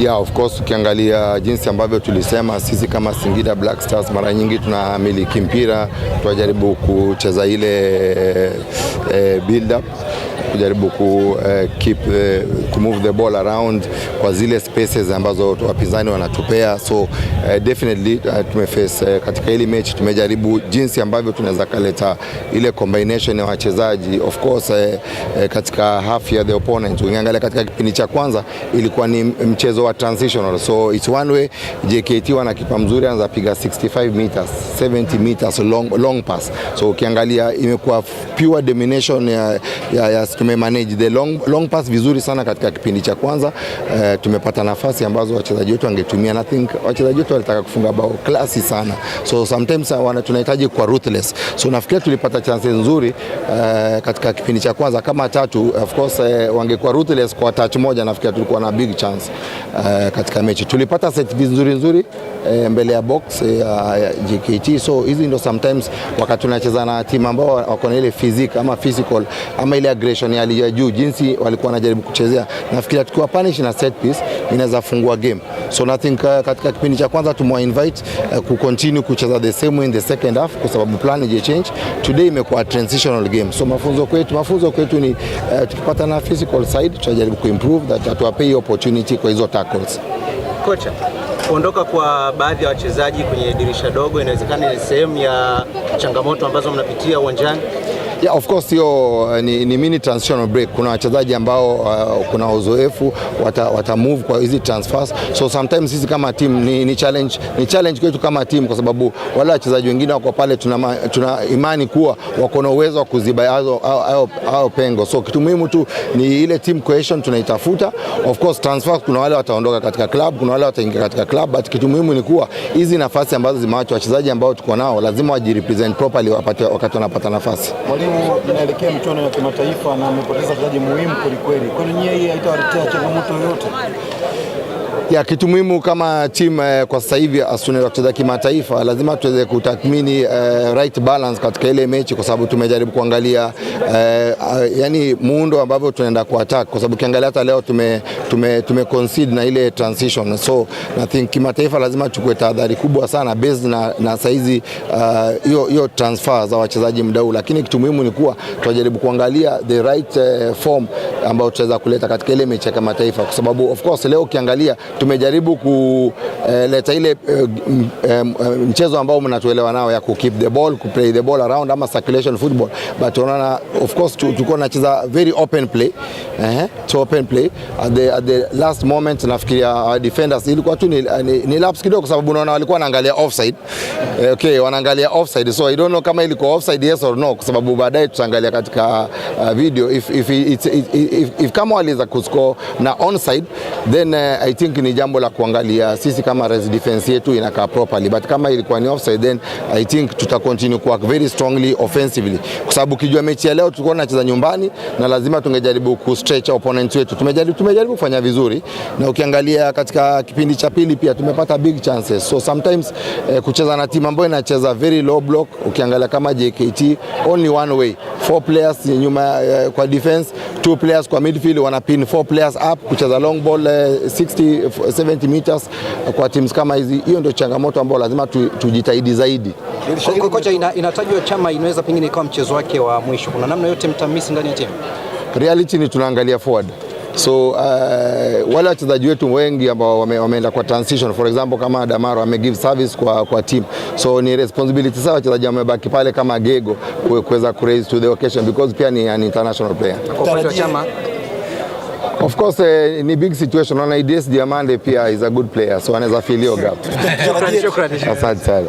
Yeah, of course ukiangalia jinsi ambavyo tulisema sisi kama Singida Black Stars mara nyingi tunamiliki mpira, tunajaribu kucheza ile e, build up kujaribu ku, eh, keep, the, to move the ball around kwa zile spaces ambazo wapinzani wanatupea. So eh, definitely uh, eh, tumeface eh, katika hili mechi tumejaribu jinsi ambavyo tunaweza kaleta ile combination ya wachezaji of course eh, eh, katika half ya the opponent. Ukiangalia katika kipindi cha kwanza ilikuwa ni mchezo wa transitional, so it's one way. JKT wana kipa mzuri, anaweza piga 65 meters 70 meters long, long pass. So ukiangalia imekuwa pure domination ya, ya, ya uh, tumemanage the long, long pass vizuri sana katika kipindi cha kwanza uh, tumepata nafasi ambazo wachezaji wetu wangetumia na think wachezaji wetu walitaka kufunga bao klasi sana, so sometimes wana tunahitaji kwa ruthless. So nafikiri tulipata chance nzuri uh, katika kipindi cha kwanza kama tatu, of course uh, wangekuwa ruthless kwa touch moja, nafikiri tulikuwa na big chance Uh, katika mechi tulipata set nzuri nzuri eh, mbele ya box eh, ya JKT. So hizi ndo sometimes wakati tunacheza na timu ambao wako na ile physique ama physical ama ile aggression ya juu, jinsi walikuwa wanajaribu kuchezea, nafikiria tukiwa punish na set piece inaweza fungua game. So I think uh, katika kipindi cha kwanza tumwa invite uh, ku continue kucheza the same way in the second half kwa sababu plan ije change. Today imekuwa transitional game. So mafunzo kwetu, mafunzo kwetu ni uh, tukipata na physical side tutajaribu ku improve that atuwapei opportunity kwa hizo tackles. Kocha, kuondoka kwa baadhi ya wachezaji kwenye dirisha dogo inawezekana ni sehemu ya changamoto ambazo mnapitia uwanjani. Yeah, of course hiyo eh, ni, ni mini transitional break. Kuna wachezaji ambao uh, kuna uzoefu wata, wata move kwa hizi transfers, so sometimes sisi kama team ni, ni challenge, ni challenge kwetu kama team kwa sababu wale wachezaji wengine wako pale, tuna, tuna imani kuwa wako na uwezo wa kuziba hayo pengo, so kitu muhimu tu ni ile team cohesion tunaitafuta. Of course transfers, kuna wale wataondoka katika club, kuna wale wataingia katika club, but kitu muhimu ni kuwa hizi nafasi ambazo zimewachwa wachezaji ambao tuko nao lazima wajirepresent properly wakati wanapata nafasi timu inaelekea mchuano ya kimataifa na amepoteza mchezaji muhimu kwelikweli, kwani nyie hii haitawaletea changamoto yoyote? ya kitu muhimu kama timu eh, kwa sasa hivi tunaenda kucheza kimataifa, lazima tuweze kutathmini eh, right balance katika ile mechi, kwa sababu tumejaribu kuangalia eh, ah, yani muundo ambavyo tunaenda ku attack, kwa sababu ukiangalia hata leo tume, tume, tume concede na ile transition, so na think kimataifa lazima tuchukue tahadhari kubwa sana based na, na saizi ah, hiyo uh, transfer za wachezaji mdau, lakini kitu muhimu ni kuwa tunajaribu kuangalia the right eh, form ambayo tutaweza kuleta katika ile mechi ya kimataifa, kwa sababu of course leo ukiangalia tumejaribu kuleta ile eh, eh, mchezo ambao mnatuelewa nao ya ku keep the ball, ku play the ball around ama circulation football, but unaona, of course tulikuwa tunacheza very open play eh, to open play at the, at the last moment, nafikiria uh, our defenders ilikuwa tu ni, ni, ni lapse kidogo, kwa sababu unaona walikuwa wanaangalia offside eh, okay, wanaangalia offside, so I don't know kama ilikuwa offside yes or no, kwa sababu baadaye tutaangalia katika uh, video if, if, if, if, if, if kama waliweza kuscore na onside then uh, I think ni jambo la kuangalia sisi kama res defense yetu inakaa properly, but kama ilikuwa ni offside, then I think tuta continue kuwa very strongly offensively, kwa sababu kijua mechi ya leo tulikuwa tunacheza nyumbani na lazima tungejaribu ku stretch opponents wetu. Tumejaribu, tumejaribu kufanya vizuri, na ukiangalia katika kipindi cha pili pia tumepata big chances, so sometimes eh, kucheza na timu ambayo inacheza very low block, ukiangalia kama JKT only one way four players nyuma eh, kwa defense two players kwa midfield wana pin four players up kucheza long ball 60 eh, 70 meters eh, kwa teams kama hizi. Hiyo ndio changamoto ambayo lazima tujitahidi tu zaidi. Kocha, inatajwa Chama inaweza pengine ikawa mchezo wake wa mwisho, kuna namna yote mtamisi ndani ya timu. Reality ni tunaangalia forward So uh, wale wachezaji wetu wengi ambao wameenda kwa transition, for example kama Damaro ame give service kwa, kwa team, so ni responsibility sawa wachezaji wamebaki pale kama Gego kuweza raise to the occasion because pia ni an international player. Of course eh, ni big situation. Naona Diamande pia is a good player so anaweza fill your gap. Shukrani, shukrani. Asante sana.